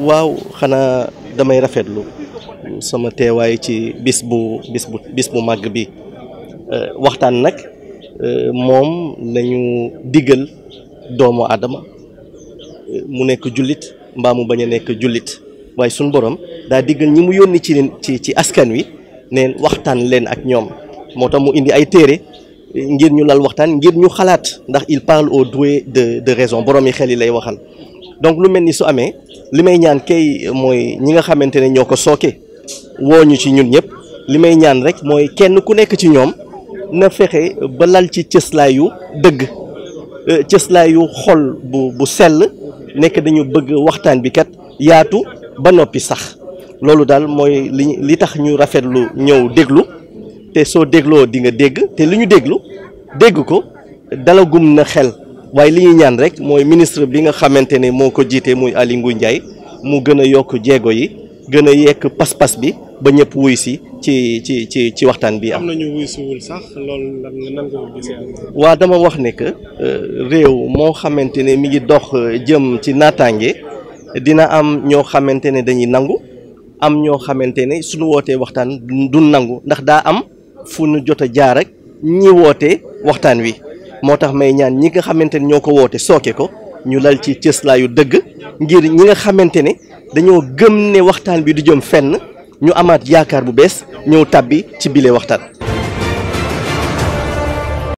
waaw xanaa damay rafetlu sama teewaay ci bis bu bis bu bis bu màgg bi euh, waxtaan nag euh, moom lañu diggal doomu aadama euh, mu nekk jullit mbaa mu bañ a nekk jullit waaye suñ borom daa diggal ñi mu yónni ci ci ci askan wi neen waxtaan leen ak ñoom moo tax mu indi ay téere ngir ñu lal waxtaan ngir ñu xalaat ndax il parle au doués de de raison borom yi xel yi lay waxal donc lu mel ni su amee li may ñaan kay mooy ñi nga xamante ne ñoo ko sooke woo ñu ci ñun ñëpp li may ñaan rek mooy kenn ku nekk ci ñoom na fexe ba lal ci cëslaayu dëgg euh, cëslaayu xol bu sell nekk dañu bëgg waxtaan bi kat yaatu ba noppi sax loolu daal mooy li li tax ñu rafetlu ñëw déglu te soo dégloo di nga dégg te li ñu déglu dégg ko dalagum na xel. waaye li ñuy ñaan rek mooy ministre bi nga xamante ne moo ko jiitee muy Aly Ngouille Ndiaye mu gën a yokk jéego yi gën a yekk pas-pas bi ba ñëpp wuy si ci ci ci ci waxtaan bi am. am nañu wuy siwul sax loolu dama wax ne que euh, réew moo xamante ne mi ngi dox euh, jëm ci naataange dina am ñoo xamante ne dañuy nangu am ñoo xamante ne suñu wootee waxtaan du nangu ndax daa am fu nu jot a jaar rek ñi woote waxtaan wi. moo tax may ñaan ñi nga xamante ne ñoo ko woote sooke ko ñu lal ci cëslaayu dëgg ngir ñi nga xamante ne dañoo gëm ne waxtaan bi du jëm fenn ñu amaat yaakaar bu bees ñëw tàbbi ci bile waxtaan.